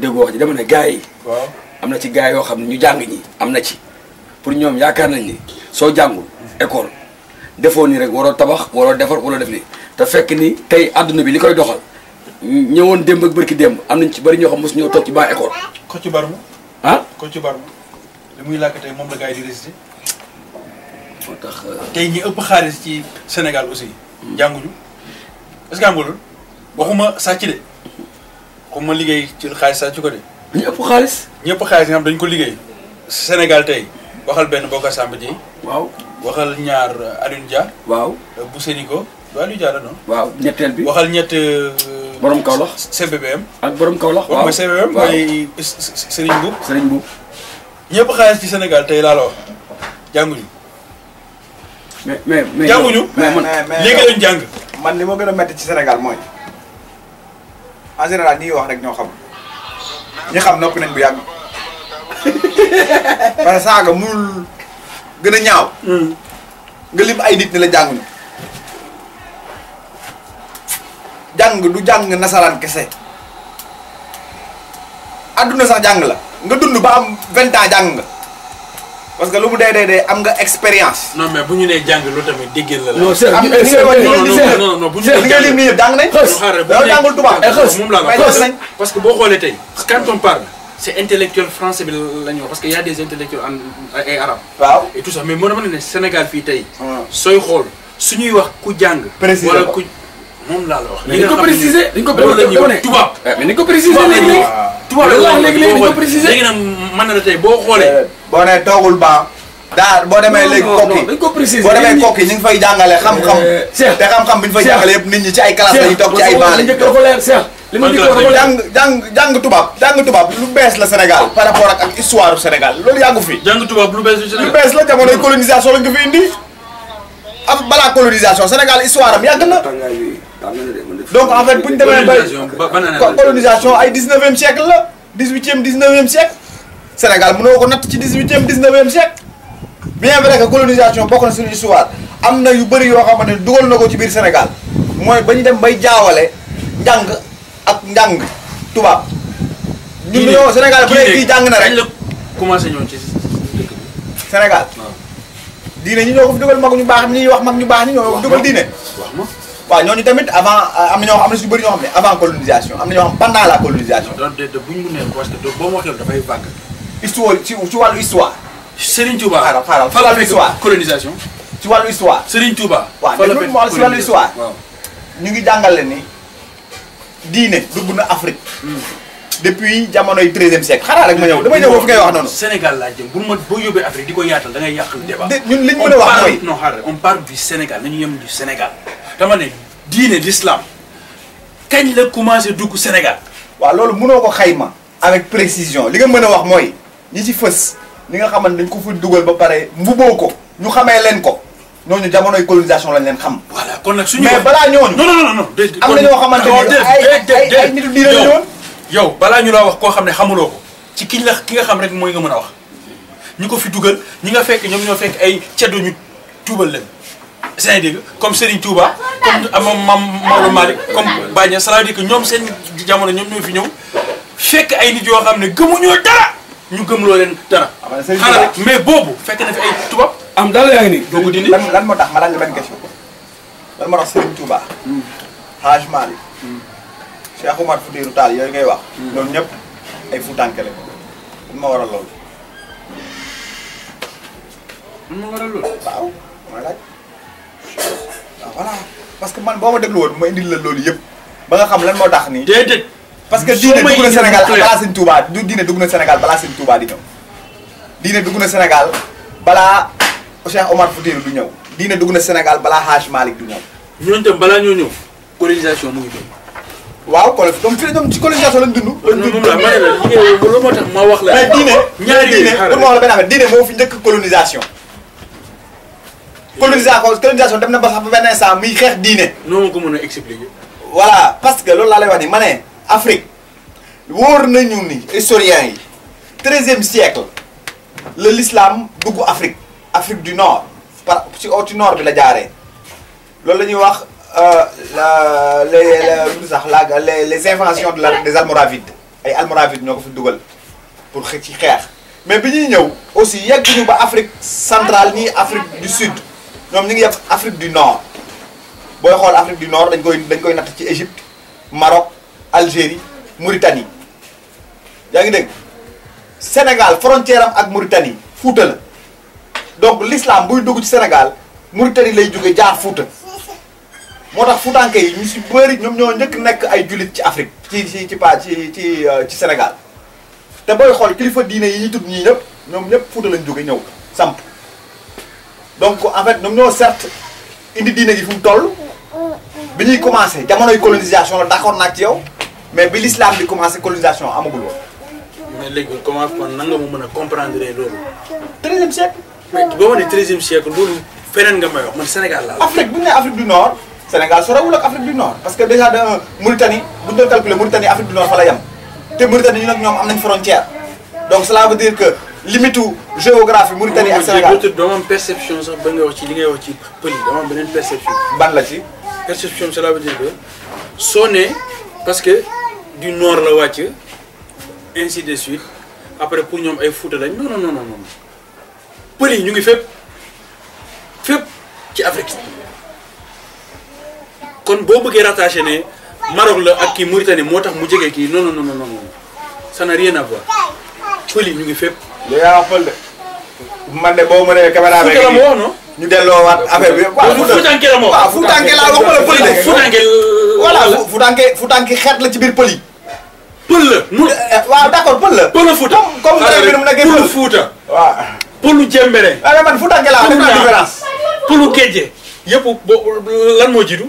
dégg wax ji dama ne gars yi. waaw am na ci gars yoo xam ne ñu jàng ñi am na ci pour ñoom yaakaar nañ ni soo jàngul école defoo nii rek waroo tabax waroo defar waroo def lii te fekk ni tey àdduna bi li koy doxal ñëwoon démb ak ki démb am nañ ci bëri ñoo xam mosu ñëw toog ci ban école. Kocc Barma. ah Kocc Barma li muy làkk tey moom la gars yi euh, tey ñi ëpp xaalis ci Sénégal aussi. Hmm. jànguñu est-ce que sàcc de. comme ma liggéey ci xaalis saa ci ko de. ñu xaalis. ñu ëpp xaalis nga xam dañu ko liggéey. Sénégal tey waxal benn Bocar Samba Dièye. waaw waxal ñaar euh, Alioune Dia. waaw euh, bu Sénico. waaw Alioune Dia waaw ñetteel bi waxal ñett. Euh, borom Kaolack CBBM. ak borom Kaolack waaw mooy CBBM mooy Serigne Mboup. Serigne Mboup. ñëpp xaalis Sénégal tey laa la wax jànguñu. mais mais mais jànguñu. lañu jàng. man li ma gën a métti ci Sénégal mooy. en général wax rek ñoo xam ñi xam noppi nañ bu yàgg parce que saaga mënul gën a ñaaw. Hmm. nga lim ay nit ne la jàng na jàng du jàng nasaraan kese adduna sax jàng la nga dund ba am vingt ans jàng parce que lu mu dee dee dee am nga expérience. non mais bu ñu nee jàng lu tamit déggeel la. non Cheikh ñu Cheikh non non bu ñu nee jàng li jàng nañ. jàngul tubaab eh, moom laa la parce que boo xoolee tey quand on parle. c'est intellectuel français bi la ñu wax parce que y a des intellectuels en ay arabes. waaw et tout ça mais mën na mën ne Sénégal fii tey. Ah. sooy xool suñuy wax ku jàng. préciser wala ku moom laa la wax. li nga xam ne dañ ko préciser dañ ko eh, préciser tubaab. mais ni ko préciser léegi tu vois eh, eh, eh, la wax léegi léegi nga préciser léegi nag mën na la tey boo xoolee boo nee toogul baa daal boo demee léegi kokki dañ ko préciser boo demee kokki ñu ngi fay jàngale xam-xam te xam-xam bi ñu fay jàngale yëpp nit ñi ci ay classe lañuy toog ci ay baa lañuy toog li ma dikk wax jàng jàng jàng tubaab jàng lu bees la Sénégal par rapport ak histoire Sénégal loolu yàggu fi jàng tubaab lu bees lu Sénégal lu bees la jamonoy colonisation lañ ko fi indi am balaa colonisation Sénégal histoire am yàgg na donc en fait bu ñu demee ba colonisation ay 19e siècle la 18e 19e siècle Sénégal mënoo ko natt ci 18e 19e siècle bien vrai que colonisation bokk na suñu histoire am na yu bëri yoo xamante ne dugal na ko ci biir Sénégal mooy ba ñu dem bay jaawale njàng ak njàng tubaab. ñun ñoo Sénégal bu dee kii jàng na rek commencé ñëw ci Sénégal diine ñi ñoo ko fi dugal mag ñu baax ñi wax mag ñu baax ñi ñoo ko fi dugal diine. waaw ñooñu tamit avant euh, am na ñoo am na suñu ñoo xam ne avant colonisation am ñoo xam pendant la colonisation. donc de de bu parce que boo ma waxee dafay vague. histoire ci ci wàllu histoire. Serigne Touba. xaaral xaaral colonisation. ci wàllu histoire. Serigne Touba. fa la fekk waaw ci wàllu histoire. ñu ngi jàngale ni diiné dugg na Afrique. Hmm. depuis jamono 13e siècle xanaa rek ma ñëw dama ñëw foofu ngay wax non Sénégal la jëm bu ma bo yobé Afrique diko yaatal da ngay yàq débat. ñun liñ mëna wax moy on parle non xaaral on parle du Sénégal ñu yëm du Sénégal tamane ne diine l'islam kañ la commencé dugg Sénégal. waaw loolu mënoo ko xayma. avec précision li nga mën a wax mooy ñi ci fës ñi nga xamante dañ ko fa dugal ba pare mbuboo ko ñu xamee leen ko ñooñu jamonoy colonisation lañ leen xam. voilà kon nag suñu mais balaa ñooñu. non non non déedéet am na ñoo xamante ne ay ay nitu diine la ñoon yow balaa ñu la wax koo xam ne xamuloo ko ci kiñ la ki nga xam rek mooy nga mën a wax ñu ko fi dugal ñi nga fekk ñoom ñoo fekk ay ceddo ñu tuubal leen. yaa ngi dégg comme Serigne Touba comme moom maam Maodo ah, Malick comme Baña c'est-à-dire que ñoom seen jamono ñoom ñoo fi ñëw fekk ay nit yoo xam ne gëmuñoo dara ñu gëmloo leen dara. Ah, xanaa mais boobu fekk na fi ay tubaab. am dara yaa ngi nii doo ko dindi lan lan moo tax ma laaj la benn question lan moo tax Serigne Touba. Hmm. Hadj Malick. Hmm. Cheikh Oumar Foutiyou Tall yooyu ngay wax. Hmm. loolu ñëpp ay Fuutànke la lan ma waral loolu. lan ma waral loolu. waaw mooy laaj. waaw ah, voilà parce que man boo ma déglu woon ma indil la loolu yëpp ba nga xam lan moo tax nii. déedéet parce que diine dugg na Sénégal balaa Sëñ Touba du diine dugg na di ñëw. diine dugg na Sénégal balaa Cheikh Omar Foutiyou du ñëw diine dugg na Sénégal balaa Haj Malick du ñëw. ñooñu tam balaa ñoo ñëw colonisation mu ngi doon. ma diine moo fi njëkk colonisation. colonisation colonisation dem na ba sax ba benn instant muy xex diine. non ko mën expliquer. voilà parce que loolu la lay wax ni ma Afrique wor nañu ni historien yi 13e siècle la l'islam dugg Afrique Afrique du nord par ci au nord bi la jaaree loolu lañuy ñuy wax euh, la les sax la les les inventions de la des almoravides ay almoravides ñoko fi duggal pour xëcc ci xeex mais bi ñuy ñëw aussi yegguñu ba Afrique centrale ni Afrique du sud. ñoom ñu ngi yem Afrique du Nord booy xool Afrique du Nord dañ koy dañ koy natt ci Égypte Maroc Algérie Mauritanie yaa ngi dégg Sénégal frontière am ak Mauritanie Fuuta la donc l'islam buy dugg ci senegal Mauritanie lay jóge jaar Fuuta moo tax fuutaanke yi ñu si bëri ñoom ñoo njëkk nekk ay jullit ci Afrique ci ci ci pa ci ci euh, ci Sénégal te booy xool kilifa diine yi ñu tudd ñii ñëpp ñoom ñëpp Fuuta lañ jóge ñëw samp donc en fait nous ñoo certes indi tout. gi fu mu toll bi ñuy commencé jamonoy colonisation d'accord nak ci yow mais bi l'islam bi commencé colonisation amagul woon. mais léegi comment kon nan nga ma 13e siècle. mais boo ma nee treizième siècle loolu fenen nga may wax man Sénégal la Afrique buñ né Afrique du Nord Sénégal sorewul ak Afrique du Nord parce que déjà de Mauritanie buñ do calculer Mauritanie Afrique du Nord fa la yem te Mauritanie ñu nak am nañ frontière donc cela veut dire que limite géographie Mauritanie et Sénégal. dans perception ça, perception. perception cela veut dire que Sonner, parce que du nord la ainsi de suite après pour nous, ay lañ non non non non non. nous ngi fait ci Afrique kon Quand vous rattacher Maroc la Mauritanie mu non non non non non ça n'a rien à voir Poli, nous ñu ngi yow yaa wax de man de boo mënee caméra bi ñu delloo waat affaire bi. waaw futanke la moo waaw futanke pël de. futanke euh, voilà futanke futanke xeet la ci biir pël yi. pël la mu euh, euh, waaw d'accord pël la. pël la fuuta comme bi mu nekkee pël fuuta. waaw pëlu jembere. waaye ah, futanke laa am différence. pëlu géeje yëpp bo lan moo jiitu.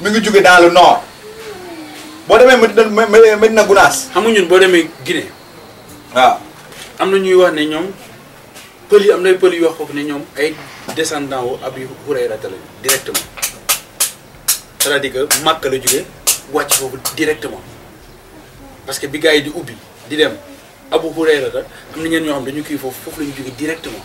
mi ngi jóge dans le boo demee Medina Medina Gunaas. xam nga ñun boo demee Guinée. waaw am na ñuy wax ne ñoom pël yi am nay pël yu wax foofu ne ñoom ay descendant wu Abi Hurayra la directement c'est-à-dire que la jóge wàcc foofu directement parce que bi gars yi di ubbi di dem Abu Hurayra la am na ñeen ñoo xam dañu kii foofu foofu la ñu jóge directement.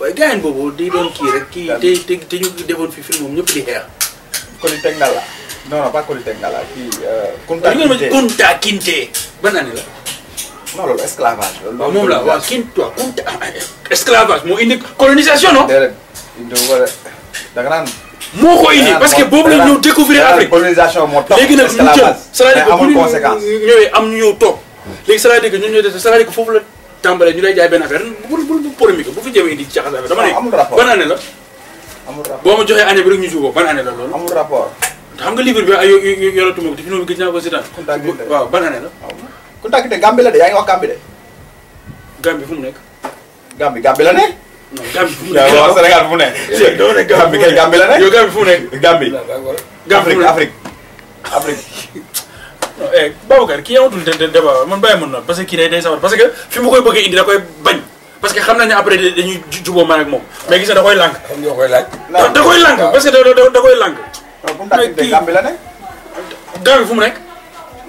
waaye gars boobu day doon kii rek kii te te te ñu defoon fi film moom la di xeex. Koli Teg Ndala. non non pas Koli Teg Ndala kii. Euh, Kunta Kinte Kunta Kinte ban année la. non loolu esclavage. loolu moom la waaw Kinte waaw Kunta ah, ah, esclavage moo indi colonisation non. déedéet moo ko indi parce que boobu la ñu découvrir Afrique colonisation léegi nag ñu jël. mais amul conséquence cest foofu la. tàmbalee ñu lay jaay benn affaire bu bu bu polémique bu fi jëmee indi caxas affaire. dama ne ban année la. boo ma joxee année bi rek ñu suufoo ban année la loolu. amul xam nga livre bi ay yoratuma ko te fi mu ne gis naa ko si ban année la. Kontaakiite Gambie la de yaa ngi wax Gambie de. Gambie fu mu nekk. Gambie Gambie la ne. non Gambie fu mu nekk waaw Sénégal fu mu ne. doo la ne. yow Gambie fu mu nekk. Gambie Afrique Afrique Eh, Babacar kii amatul de débat man bàyyi mën na parce que kii day day sawar parce que fi mu koy bëgg a indi da koy bañ parce que xam nañ ne après dañuy juboo man ak moom mais gis na da koy lànk da koy lànk da koy lànk Gàmbi la nekk Gàmbi fu mu nekk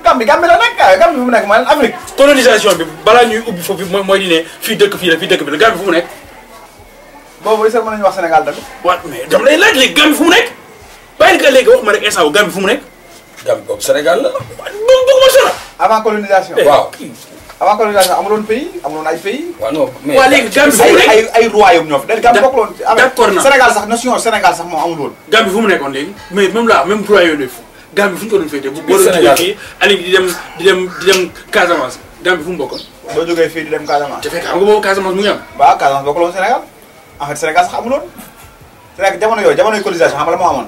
Gàmbi Gàmbi la nekk Gàmbi fu mu nekk maanaam Afrique colonisation bi balaa ñuy ubbi foofu mooy mooy di ne fii dëkk fii la bi la Gàmbi fu mu nekk boobu sax mën nañu wax Sénégal tamit waaw mais dama lay laaj léegi mu nekk bàyyi ka léegi wax ma fu mu nekk Gambie boobu Sénégal la. moom bëgguma sonal. avant colonisation. Eh, waaw avant colonisation amuloon pays amuloon ay pays. waaw non mais waaw léegi ay ay royaume ñoo fi. da Gambie bokkuloon ah, d'accord na Sénégal sax nation Sénégal sax moo amul woon. Gambie fu mu nekkoon léegi mais même là même royaume yooyu Gambie fu ñu ko doon féetee. bu Sénégal boo doon di dem di dem di dem Casamance Gambie fu mu bokkoon. boo jógee di dem Casamance. te fekk xam nga boobu Casamance mu ngi am. waaw Casamance bokkuloon Sénégal en amuloon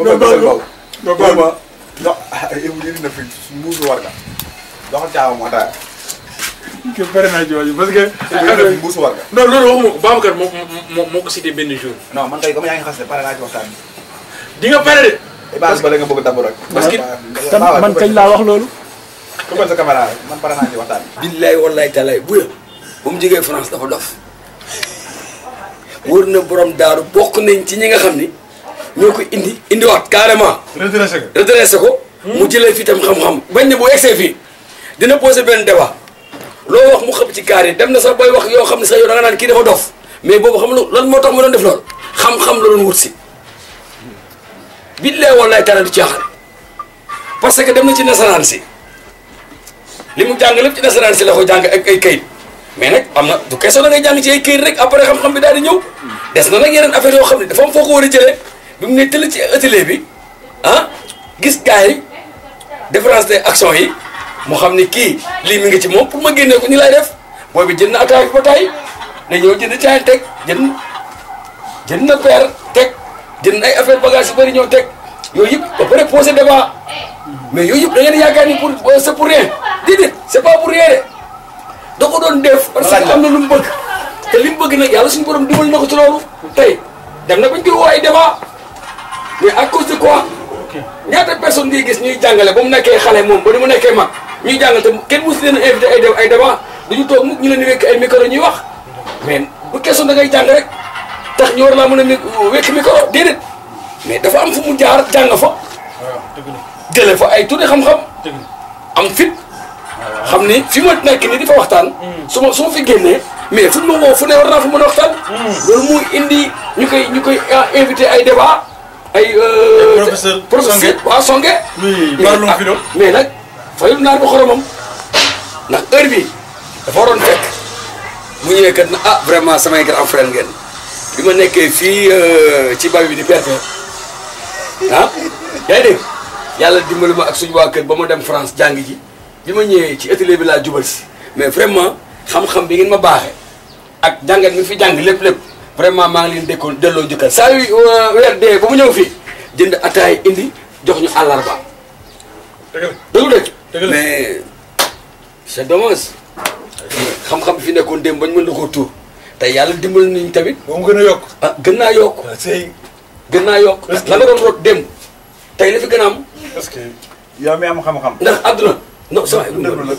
ko baw ko baw ma no yow lii na fi muusu war nga doxal caawa mu ataaya kii bëri naa jooju parce que muusu war nga non loolu waxuma ko Babacar moo moo moo ko cité benn jour non man tey comme yaa ngi xas ne pare naa ci waxtaan di nga pare de eh, parce nga bëgg dabb rek parce que man kañ laa wax loolu comme sa man pare naa ci waxtaan bi billaay wallaay talaay bu ba mu jógee France dafa dof wër na borom daaru bokk nañ ci ñi nga xam ni ñoo ko indi indiwaat carrément. redressé ko redressé ko. mu jëlee fii tam xam-xam. bañ ne bu egsee fii dina posé benn débat loo wax mu xëpp ci kaar yi dem na sax booy wax yoo xam ne sax yow da nga naan kii dafa dof mais boobu xam lu lan moo tax mu doon def loolu xam-xam la doon wut si. billaay wallaay taala du caaxaan parce que dem na ci nasaraan si li mu jàng ci la ko jàng ak ay kayit mais nag am na du question da ngay rek après xam-xam bi daal di ñëw des na nag yeneen affaire yoo xam ne dafa am foo ko war a jëlee. bi mu ne tëll ci atelier bi ah gis gars yi différence des actions yi moo xam ni kii lii mi ngi ci moom pour ma génne ko ni lay def booy bi jënd na ataay bi ba tay ne ñëw jënd caay teg jënd jënd na peer teg jënd ay affaire bagage yu bëri ñëw teg yooyu yëpp ba pare posé débat mais yooyu yëpp da ngeen yaakaar ni pour euh, c'est pour rien déedéet c'est pas pour rien da ko doon def parce que am na lu mu bëgg te li mu bëgg nag yàlla suñu borom dimbali na ko ci loolu tey dem na bañ ko woo ay mais à cause de quoi ñaata personne ngay gis ñuy jàngale ba mu nekkee xale moom ba ni mu nekkee mag ñuy jàngale te kenn musu leen invité ay ay débat toog ñu leen di wekk ay micro ñuy wax mais bu question da ngay jàng rek tax ñu war laa mën a wekk micro déedéet mais dafa am fu mu jaar jàng fa jële fa ay tuuti xam-xam am fit xam ni fi ma nekk ni di fa waxtaan hmm. su ma su ma fi génnee mais fu ma woo fu ne war naa fa mën a waxtaan hmm. loolu muy indi ñu koy ñu koy ah, invité ay débat Ayo professeur professeur waaw Songe. oui bari na fi doon mais nag fayul naar ba xoromam ndax heure bi dafa waroon fekk mu ñëwee kat na ah vraiment samay grand frère ngeen bi ma nekkee ci babi bi di PFA ah yaa ngi dégg yàlla dimbali ma ak suñu waa kër ba dem France jàng ji bi ma ñëwee ci atelier bi laa jubal si mais vraiment xam-xam bi ngeen ma baaxee ak jàngat mi fi jàng lépp lépp vraiment mang leen dekkon delo jukka sa wi euh, weer dee ba mu ñew fi jënd ataay indi jox ñu àllarba. dëgg la mais c'est dommage. xam-xam fi nekkon dem bañ mën ko koo te yalla dimbal ñu tamit. bo mu gëna yok yokk ah gën naa yokk. Ah, gën naa yokk la nga doon root démb tey la fi gën a am. parce que yow mi am xam-xam. ndax àdduna non ça va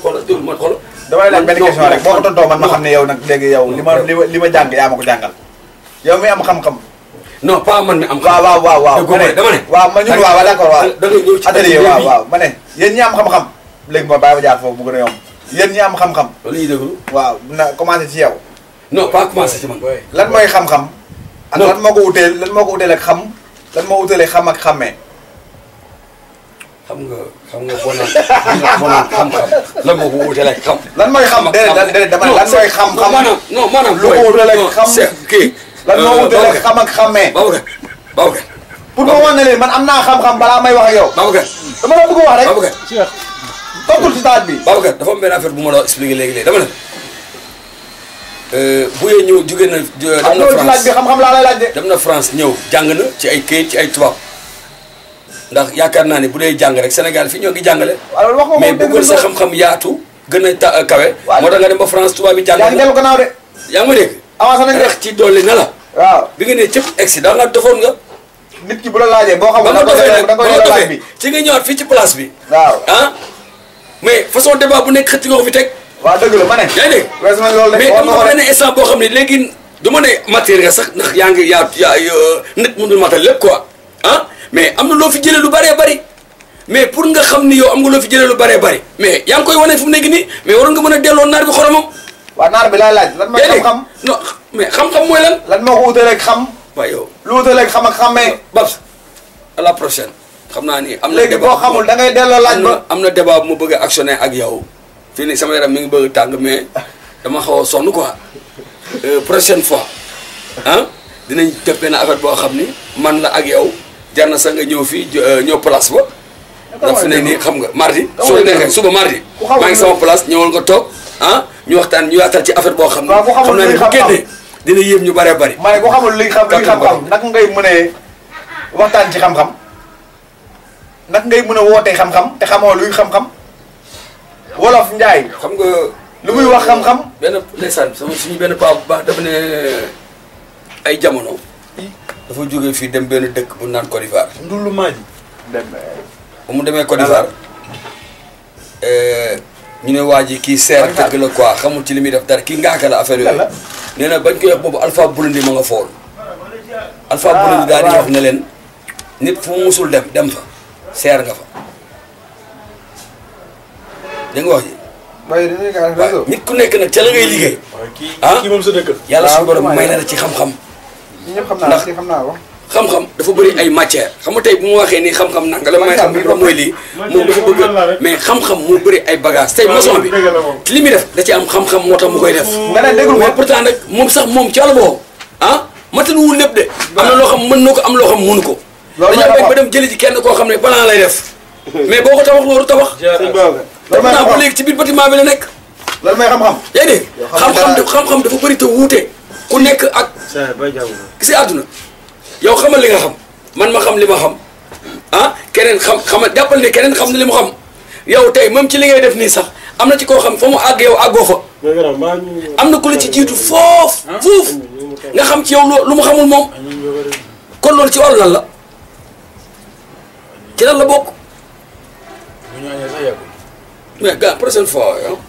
xoolal déglu man xoolal. damay laaj benn question rek boo ko man ma xam yow nag léegi yow li ma li ma jàng yaa yow mi am xam-xam. non man mi am. waaw waaw waaw waaw dama ne waaw ma ñu waaw waaw d'accord waaw. da ngay ñëw ci atelier waaw waaw ma ne. yéen ñi am xam-xam léegi ma bàyyi ma jaar foofu mu gën a yomb xam-xam. loolu ñuy déglu waaw na commencé ci yow. non pas lan mooy xam-xam. ak lan moo ko uteel lan moo ko uteel xam lan moo utelee xam ak xàmmee. nga xam nga bonaan bonaan xam-xam lan moo mooy xam déedéet déedéet dama lan mooy xam-xam. lu ko wuteel ak xam. lan moo wutale xam ak xàmmee Babacar Babacar pour ma wan ne leen man am naa xam-xam balaa may wax ak yow Babacar dama la bëgg wax rek Babacar toppul ci taat bi Babacar dafa am benn affaire bu ma la expliqué léegi léegi dama ne bu yee ñëw jóge na dem na France laaj bi xam-xam laa lay laaj de dem na France ñëw jàng na ci ay këyit ci ay tubaab ndax yaakaar naa ne bu dee jàng rek Sénégal fii ñoo ngi jàngale mais bu gën sa xam-xam yaatu gën a ta kawe nga dem ba France tubaab bi jàng yaa ngi dellu gannaaw de yaa ngi ma dégg avancé nañ wax ci waaw bi nga nee cëpp accident nga dofoon nga. nit ki bu la laajee boo xam da nga koy da nga koy laaj bi ci nga ñëwaat fii ci place bi. waaw ah. mais façon débat bu nekk xëcc nga ko fi teg. waaw dëgg la ma ne. yaa ngi dégg na benn instant boo xam ne léegi du ma sax ndax yaa ngi yaa yaa nit mënul matal lépp quoi ah mais am na loo fi jëlee lu bëree bari mais pour nga xam ni yow am nga loo fi jëlee lu bare bari mais yaa ngi koy wane fu mu nekk nii mais waroon nga mën a delloo naar bi xoromam waaw naar bi laay laaj lan mooy xam-xam non mooy lan lan moo ko wutaleeg xam waaw yow lu wutaleeg xam ak xammee Babs à la prochaine xam naa ni am na léegi boo xamul da ngay delloo laaj ba am na débat bu ma bëgg ak yow fii nii sama yaram mi ngi bëgg tàng mais dama xaw a sonn quoi euh, prochaine fois ah dinañ def benn affaire boo xam ni man la ak yow jar na sax nga ñëw fii euh, ñëw place ba ndax fi ne nii xam nga mardi soo neexee suba mardi maa ngi sama place ñëwal nga toog ah ñu waxtaan ñu yaatal ci affaire boo xam ne xam naa ne bu génnee dina yéem ñu bëree bëri ma ne ko xamul li xam li xam-xam ngay mënee waxtaan ci xam-xam ngay mën a wootee xam-xam te xamoo luy xam-xam wolof njaay xam nga lu muy wax xam-xam benn ndeysaan sama suñu benn paa bu baax dafa ne ay jamono dafa jógee fii dem benn dëkk bu naan Côte d'Ivoire ndullu maaji mu demee Côte d'Ivoire ñu ne waa ji kii seer dëgg la quoi xamul ci li muy def dara kii ngaaka la affaire yooyu nee na bañ koy wax boobu Alpha Blondy ma nga fool Alpha ah, Blondy daal di wax leen nit fu mu musul dem dem fa seer nga fa da nga wax ji nit ku nekk nag ca la ngay liggéey ah kii yàlla suñu ah, borom may na la ci xam-xam ndax xam naa wax xam-xam dafa bëri ay matière xam nga waxee nii xam-xam nanga la may xam bi mooy lii moom dafa bëgg mais xam-xam bëri ay bagage tey maçon bi li muy def da am xam-xam moo tax mu koy def mais pourtant nag moom sax moom ci wàllu boobu ah mataluwul lépp de am na loo xam mën na ko am loo mu mënu ko dañoo bañ ba dem jëli ci kenn koo xam ne balaa lay def mais boo ko tabax loolu tabax pourtant bu léegi ci biir bâtiment bi la nekk loolu may xam-xam yaa dégg xam-xam xam-xam dafa bëri te wuute ku nekk ak gis àdduna yow xamal li nga xam man ma xam li ma xam ah keneen xam xama jàppal ni keneen xam na li mu xam yow tey même ci li ngay def nii sax am na ci koo xam fa mu àgg yow àggoo fa am na ku la ci jiitu foofu ah, nga xam ci yow lu mu xamul moom kon loolu ci wàllu lan la ci lan la bokk mais gars